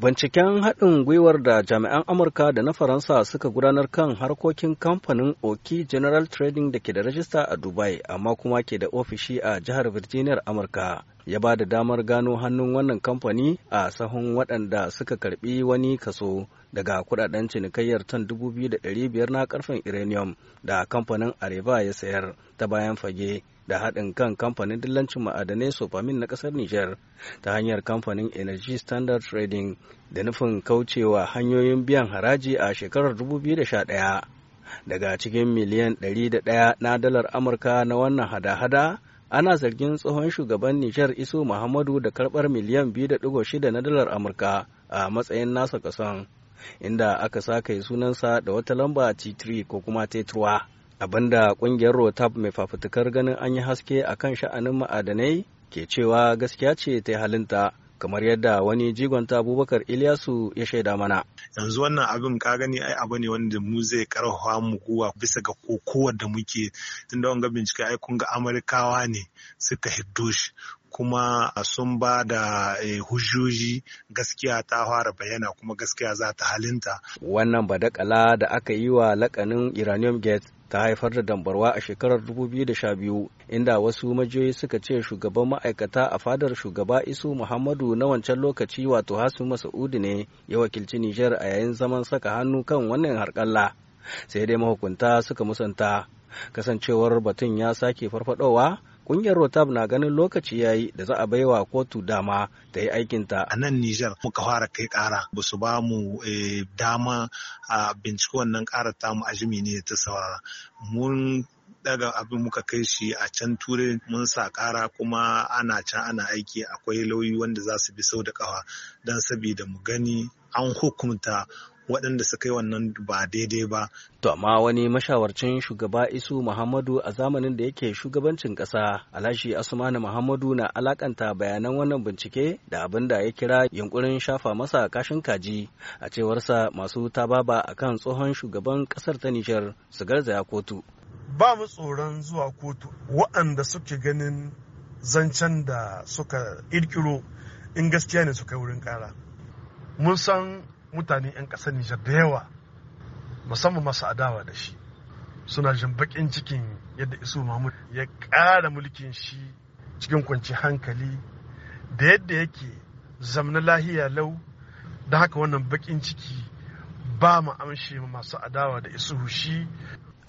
Binciken haɗin gwiwar da jami'an Amurka da na Faransa suka gudanar kan harkokin kamfanin Oki General Trading da ke da rajista a Dubai amma kuma ke da ofishi a jihar Virginia Amurka ya ba da damar gano hannun wannan kamfani a sahun waɗanda suka karɓi wani kaso daga kudaden cinikayyar tan 2,500 na karfen uranium da kamfanin areva ya sayar ta bayan fage da haɗin kan kamfanin dillancin ma'adanai sofamin na ƙasar Nijar ta hanyar kamfanin Energy Standard Trading da nufin kaucewa hanyoyin biyan haraji a shekarar 2011. Daga cikin miliyan 101 na dalar Amurka na wannan hada-hada, ana zargin tsohon shugaban Nijar iso Muhammadu da karɓar miliyan 2.6 na dalar Amurka a matsayin nasa kason. inda aka saka sunansa da wata lamba T3 ko kuma t Abinda kungiyar Rotab mai fafutukar ganin an yi haske a kan sha'anin ma'adanai ke cewa gaskiya ce ta halinta kamar yadda wani jigonta Abubakar Ilyasu ya shaida mana. Yanzu wannan abin ka gani ai abu ne wanda mu zai karfafa mu kowa bisa ga kokowar da muke tunda wanga bincike ai kun ga Amurkawa ne suka hiddo shi kuma sun ba da eh, hujjoji gaskiya ta fara bayyana kuma gaskiya za ta halinta. Wannan badakala da aka yi wa lakanin Iranium Gate ta haifar da dambarwa a shekarar 2012 inda wasu majiyoyi suka ce shugaban ma'aikata a fadar shugaba isu muhammadu na wancan lokaci wato hasu masa'udu ne ya wakilci nijar a yayin zaman saka hannu kan wannan harkalla sai dai mahukunta suka musanta kasancewar batun ya sake farfadowa kungiyar rotab na ganin lokaci ya yi da za a baiwa kotu dama ta yi aikinta a nan nijar muka fara kai kara ba su ba mu eh, dama a binciko wannan ta mu ajimi ne ta saurara mun daga abin muka kai shi a can turai mun sa kara kuma ana can ana aiki akwai lauyi wanda za su bi sau da kawa don sabida mu gani an hukunta waɗanda suka yi wannan ba daidai ba. To amma wani mashawarcin shugaba Isu Muhammadu a zamanin da yake shugabancin ƙasa Alhaji Asmanu Muhammadu na alakanta bayanan wannan bincike da abin da ya kira yunkurin shafa masa kashin kaji a cewarsa masu tababa a kan tsohon shugaban ƙasar ta Nijar su garzaya kotu. Ba mu tsoron zuwa kotu waɗanda suke ganin zancen da suka ƙirƙiro in gaskiya ne suka wurin ƙara. Mun san mutane 'yan ƙasar Nijar da yawa musamman masu adawa da shi suna jin baƙin cikin yadda isu mahmud ya ƙara mulkin shi cikin kwanci hankali da yadda yake zamna lahiya lau da haka wannan baƙin ciki ba mu amshe masu adawa da isu shi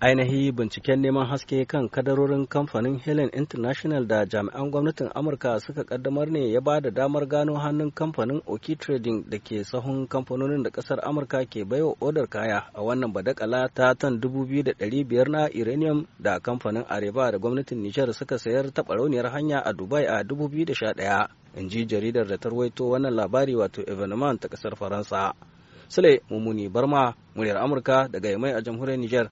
ainihi binciken neman haske kan kadarorin kamfanin helen international da jami'an gwamnatin amurka suka kaddamar ne ya ba da damar gano hannun kamfanin oki trading da ke sahun kamfanonin da kasar amurka ke baiwa odar kaya a wannan badakala ta tan 2,500 na uranium da kamfanin areba da gwamnatin nijar suka sayar ta hanya a dubai a 2011 in ji jaridar da tarwaito wannan labari wato evenement ta kasar faransa sule mummuni barma muryar amurka daga yamai a jamhuriyar nijar